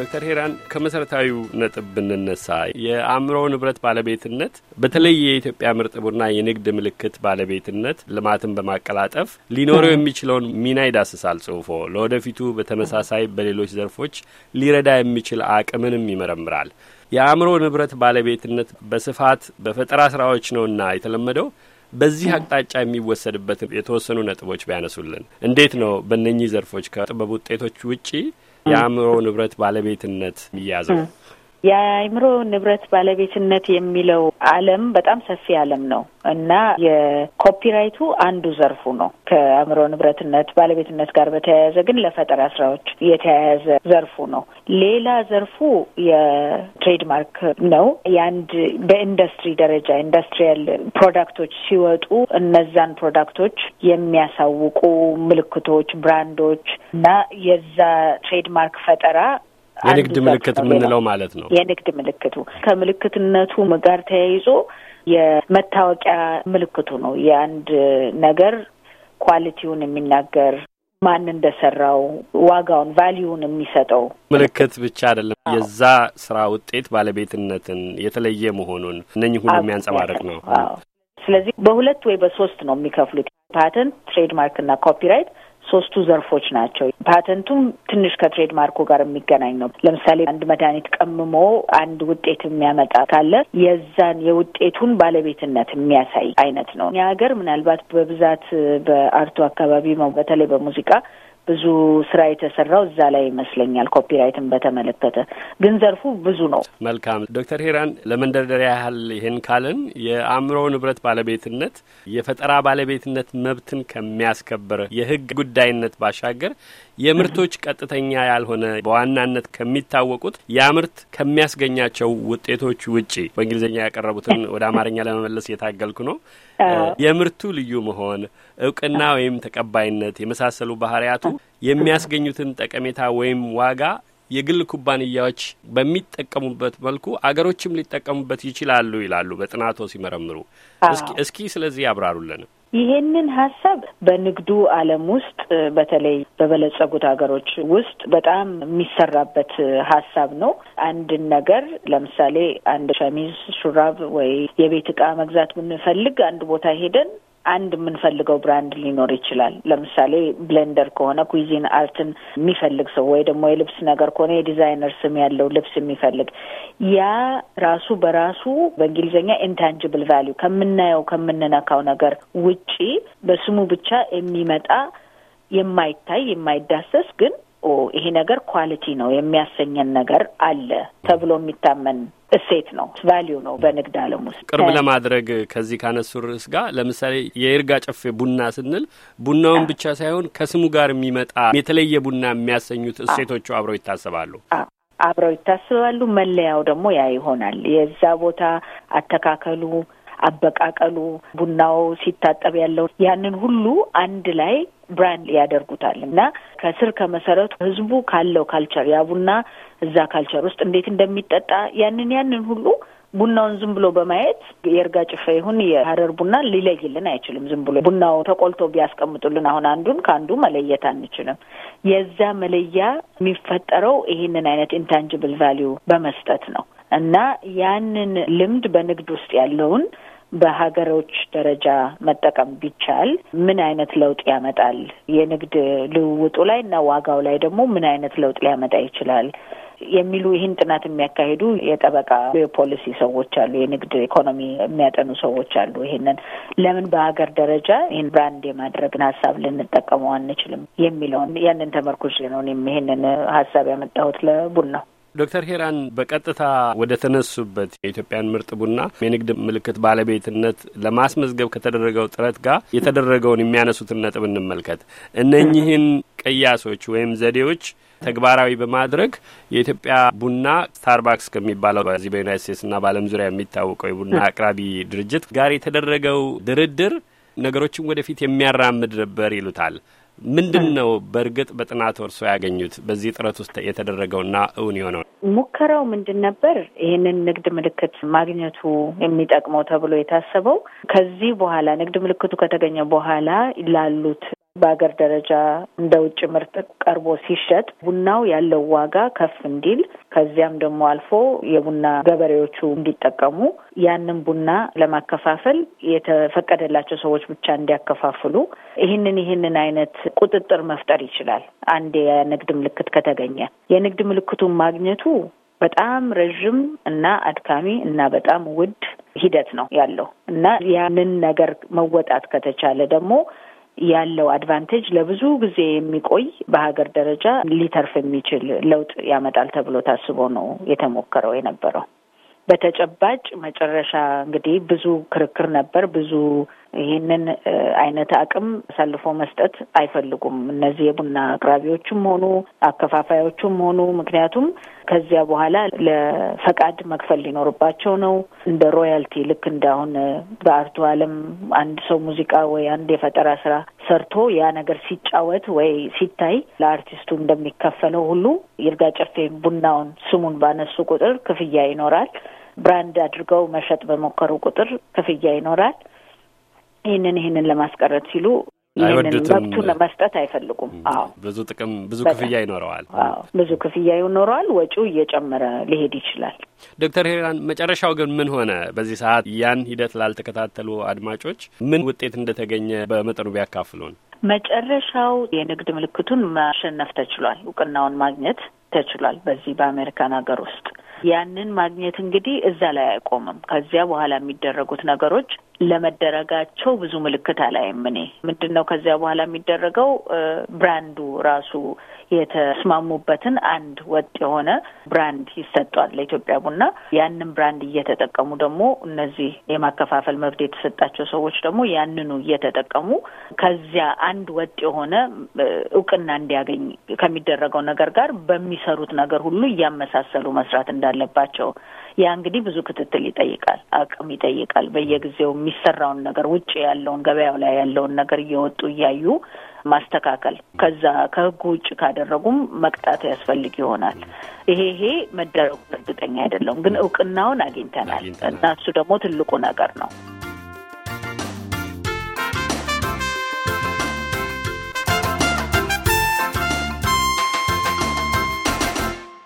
ዶክተር ሄራን ከመሰረታዊ ነጥብ ብንነሳ የአእምሮ ንብረት ባለቤትነት በተለይ የኢትዮጵያ ምርጥ ቡና የንግድ ምልክት ባለቤትነት ልማትን በማቀላጠፍ ሊኖረው የሚችለውን ሚና ይዳስሳል ጽሁፎ። ለወደፊቱ በተመሳሳይ በሌሎች ዘርፎች ሊረዳ የሚችል አቅምንም ይመረምራል። የአእምሮ ንብረት ባለቤትነት በስፋት በፈጠራ ስራዎች ነውና የተለመደው በዚህ አቅጣጫ የሚወሰድበትን የተወሰኑ ነጥቦች ቢያነሱልን። እንዴት ነው በእነኚህ ዘርፎች ከጥበብ ውጤቶች ውጪ የአእምሮ ንብረት ባለቤትነት የሚያዘው የአእምሮ ንብረት ባለቤትነት የሚለው ዓለም በጣም ሰፊ ዓለም ነው እና የኮፒራይቱ አንዱ ዘርፉ ነው። ከአእምሮ ንብረትነት ባለቤትነት ጋር በተያያዘ ግን ለፈጠራ ስራዎች የተያያዘ ዘርፉ ነው። ሌላ ዘርፉ የትሬድማርክ ነው። የአንድ በኢንዱስትሪ ደረጃ ኢንዱስትሪያል ፕሮዳክቶች ሲወጡ እነዛን ፕሮዳክቶች የሚያሳውቁ ምልክቶች፣ ብራንዶች እና የዛ ትሬድማርክ ፈጠራ የንግድ ምልክት የምንለው ማለት ነው። የንግድ ምልክቱ ከምልክትነቱ ጋር ተያይዞ የመታወቂያ ምልክቱ ነው። የአንድ ነገር ኳሊቲውን የሚናገር ማን እንደሰራው ዋጋውን ቫሊዩን የሚሰጠው ምልክት ብቻ አይደለም። የዛ ስራ ውጤት ባለቤትነትን የተለየ መሆኑን እነኚህ ሁሉ የሚያንጸባርቅ ነው። ስለዚህ በሁለት ወይ በሶስት ነው የሚከፍሉት ፓተንት፣ ትሬድማርክ እና ኮፒራይት ሶስቱ ዘርፎች ናቸው። ፓተንቱም ትንሽ ከትሬድ ማርኮ ጋር የሚገናኝ ነው። ለምሳሌ አንድ መድኃኒት ቀምሞ አንድ ውጤት የሚያመጣ ካለ የዛን የውጤቱን ባለቤትነት የሚያሳይ አይነት ነው። እኛ ሀገር ምናልባት በብዛት በአርቱ አካባቢ ነው በተለይ በሙዚቃ ብዙ ስራ የተሰራው እዛ ላይ ይመስለኛል። ኮፒራይትን በተመለከተ ግን ዘርፉ ብዙ ነው። መልካም ዶክተር ሄራን ለመንደርደሪያ ያህል ይህን ካልን የአእምሮ ንብረት ባለቤትነት የፈጠራ ባለቤትነት መብትን ከሚያስከብር የህግ ጉዳይነት ባሻገር የምርቶች ቀጥተኛ ያልሆነ በዋናነት ከሚታወቁት ያ ምርት ከሚያስገኛቸው ውጤቶች ውጪ በእንግሊዝኛ ያቀረቡትን ወደ አማርኛ ለመመለስ እየታገልኩ ነው የምርቱ ልዩ መሆን እውቅና ወይም ተቀባይነት የመሳሰሉ ባህሪያቱ የሚያስገኙትን ጠቀሜታ ወይም ዋጋ የግል ኩባንያዎች በሚጠቀሙበት መልኩ አገሮችም ሊጠቀሙበት ይችላሉ ይላሉ በጥናቶ ሲመረምሩ። እስኪ ስለዚህ ያብራሩልን። ይሄንን ሀሳብ በንግዱ ዓለም ውስጥ በተለይ በበለጸጉት ሀገሮች ውስጥ በጣም የሚሰራበት ሀሳብ ነው። አንድን ነገር ለምሳሌ አንድ ሸሚዝ፣ ሹራብ ወይ የቤት እቃ መግዛት ብንፈልግ አንድ ቦታ ሄደን አንድ የምንፈልገው ብራንድ ሊኖር ይችላል። ለምሳሌ ብሌንደር ከሆነ ኩዚን አርትን የሚፈልግ ሰው ወይ ደግሞ የልብስ ነገር ከሆነ የዲዛይነር ስም ያለው ልብስ የሚፈልግ ያ ራሱ በራሱ በእንግሊዝኛ ኢንታንጅብል ቫሊዩ ከምናየው ከምንነካው ነገር ውጪ በስሙ ብቻ የሚመጣ የማይታይ የማይዳሰስ ግን ኦ ይሄ ነገር ኳሊቲ ነው የሚያሰኘን ነገር አለ ተብሎ የሚታመን እሴት ነው፣ ቫሊዩ ነው። በንግድ ዓለም ውስጥ ቅርብ ለማድረግ ከዚህ ካነሱ ርዕስ ጋር ለምሳሌ የይርጋ ጨፌ ቡና ስንል ቡናውን ብቻ ሳይሆን ከስሙ ጋር የሚመጣ የተለየ ቡና የሚያሰኙት እሴቶቹ አብረው ይታሰባሉ አብረው ይታስባሉ። መለያው ደግሞ ያ ይሆናል። የዛ ቦታ አተካከሉ፣ አበቃቀሉ፣ ቡናው ሲታጠብ ያለው ያንን ሁሉ አንድ ላይ ብራንድ ያደርጉታል እና ከስር ከመሰረቱ ህዝቡ ካለው ካልቸር ያ ቡና እዛ ካልቸር ውስጥ እንዴት እንደሚጠጣ ያንን ያንን ሁሉ ቡናውን ዝም ብሎ በማየት የእርጋ ጭፈ ይሁን የሀረር ቡና ሊለይልን አይችልም። ዝም ብሎ ቡናው ተቆልቶ ቢያስቀምጡልን አሁን አንዱን ከአንዱ መለየት አንችልም። የዛ መለያ የሚፈጠረው ይህንን አይነት ኢንታንጅብል ቫሊዩ በመስጠት ነው እና ያንን ልምድ በንግድ ውስጥ ያለውን በሀገሮች ደረጃ መጠቀም ቢቻል ምን አይነት ለውጥ ያመጣል? የንግድ ልውውጡ ላይ እና ዋጋው ላይ ደግሞ ምን አይነት ለውጥ ሊያመጣ ይችላል የሚሉ ይህን ጥናት የሚያካሂዱ የጠበቃ የፖሊሲ ሰዎች አሉ፣ የንግድ ኢኮኖሚ የሚያጠኑ ሰዎች አሉ። ይህንን ለምን በሀገር ደረጃ ይህን ብራንድ የማድረግን ሀሳብ ልንጠቀመው አንችልም የሚለውን ያንን ተመርኩዤ ነው ይህንን ሀሳብ ያመጣሁት ለቡድን ነው። ዶክተር ሄራን በቀጥታ ወደ ተነሱበት የኢትዮጵያን ምርጥ ቡና የንግድ ምልክት ባለቤትነት ለማስመዝገብ ከተደረገው ጥረት ጋር የተደረገውን የሚያነሱትን ነጥብ እንመልከት። እነኚህን ቅያሶች ወይም ዘዴዎች ተግባራዊ በማድረግ የኢትዮጵያ ቡና ስታርባክስ ከሚባለው በዚህ በዩናይት ስቴትስና በዓለም ዙሪያ የሚታወቀው የቡና አቅራቢ ድርጅት ጋር የተደረገው ድርድር ነገሮችን ወደፊት የሚያራምድ ነበር ይሉታል። ምንድን ነው በእርግጥ በጥናት እርሶ ያገኙት በዚህ ጥረት ውስጥ የተደረገውና እውን የሆነው ሙከራው ምንድን ነበር? ይህንን ንግድ ምልክት ማግኘቱ የሚጠቅመው ተብሎ የታሰበው ከዚህ በኋላ ንግድ ምልክቱ ከተገኘ በኋላ ላሉት በሀገር ደረጃ እንደ ውጭ ምርት ቀርቦ ሲሸጥ ቡናው ያለው ዋጋ ከፍ እንዲል ከዚያም ደግሞ አልፎ የቡና ገበሬዎቹ እንዲጠቀሙ ያንን ቡና ለማከፋፈል የተፈቀደላቸው ሰዎች ብቻ እንዲያከፋፍሉ ይህንን ይህንን አይነት ቁጥጥር መፍጠር ይችላል። አንድ የንግድ ምልክት ከተገኘ የንግድ ምልክቱን ማግኘቱ በጣም ረዥም እና አድካሚ እና በጣም ውድ ሂደት ነው ያለው እና ያንን ነገር መወጣት ከተቻለ ደግሞ ያለው አድቫንቴጅ ለብዙ ጊዜ የሚቆይ በሀገር ደረጃ ሊተርፍ የሚችል ለውጥ ያመጣል ተብሎ ታስቦ ነው የተሞከረው የነበረው። በተጨባጭ መጨረሻ እንግዲህ ብዙ ክርክር ነበር። ብዙ ይህንን አይነት አቅም አሳልፎ መስጠት አይፈልጉም እነዚህ የቡና አቅራቢዎችም ሆኑ አከፋፋዮቹም ሆኑ ምክንያቱም ከዚያ በኋላ ለፈቃድ መክፈል ሊኖርባቸው ነው። እንደ ሮያልቲ ልክ እንዳሁን በአርቱ ዓለም አንድ ሰው ሙዚቃ ወይ አንድ የፈጠራ ስራ ሰርቶ ያ ነገር ሲጫወት ወይ ሲታይ ለአርቲስቱ እንደሚከፈለው ሁሉ ይርጋ ጨፌ ቡናውን ስሙን ባነሱ ቁጥር ክፍያ ይኖራል። ብራንድ አድርገው መሸጥ በሞከሩ ቁጥር ክፍያ ይኖራል። ይህንን ይህንን ለማስቀረት ሲሉ ይህንን መብቱን ለመስጠት አይፈልጉም። አዎ ብዙ ጥቅም ብዙ ክፍያ ይኖረዋል። አዎ ብዙ ክፍያ ይኖረዋል። ወጪው እየጨመረ ሊሄድ ይችላል። ዶክተር ሄራን መጨረሻው ግን ምን ሆነ? በዚህ ሰዓት ያን ሂደት ላልተከታተሉ አድማጮች ምን ውጤት እንደተገኘ በመጠኑ ቢያካፍሉን። መጨረሻው የንግድ ምልክቱን ማሸነፍ ተችሏል። እውቅናውን ማግኘት ተችሏል። በዚህ በአሜሪካን ሀገር ውስጥ ያንን ማግኘት እንግዲህ እዛ ላይ አይቆምም። ከዚያ በኋላ የሚደረጉት ነገሮች ለመደረጋቸው ብዙ ምልክት አላይም። እኔ ምንድን ነው ከዚያ በኋላ የሚደረገው ብራንዱ ራሱ የተስማሙበትን አንድ ወጥ የሆነ ብራንድ ይሰጧል ለኢትዮጵያ ቡና። ያንን ብራንድ እየተጠቀሙ ደግሞ እነዚህ የማከፋፈል መብት የተሰጣቸው ሰዎች ደግሞ ያንኑ እየተጠቀሙ ከዚያ አንድ ወጥ የሆነ እውቅና እንዲያገኝ ከሚደረገው ነገር ጋር በሚሰሩት ነገር ሁሉ እያመሳሰሉ መስራት እንዳለባቸው ያ እንግዲህ ብዙ ክትትል ይጠይቃል፣ አቅም ይጠይቃል። በየጊዜው የሚሰራውን ነገር ውጭ ያለውን ገበያው ላይ ያለውን ነገር እየወጡ እያዩ ማስተካከል ከዛ ከህጉ ውጭ ካደረጉም መቅጣት ያስፈልግ ይሆናል። ይሄ ይሄ መደረጉ እርግጠኛ አይደለውም ግን እውቅናውን አግኝተናል እና እሱ ደግሞ ትልቁ ነገር ነው።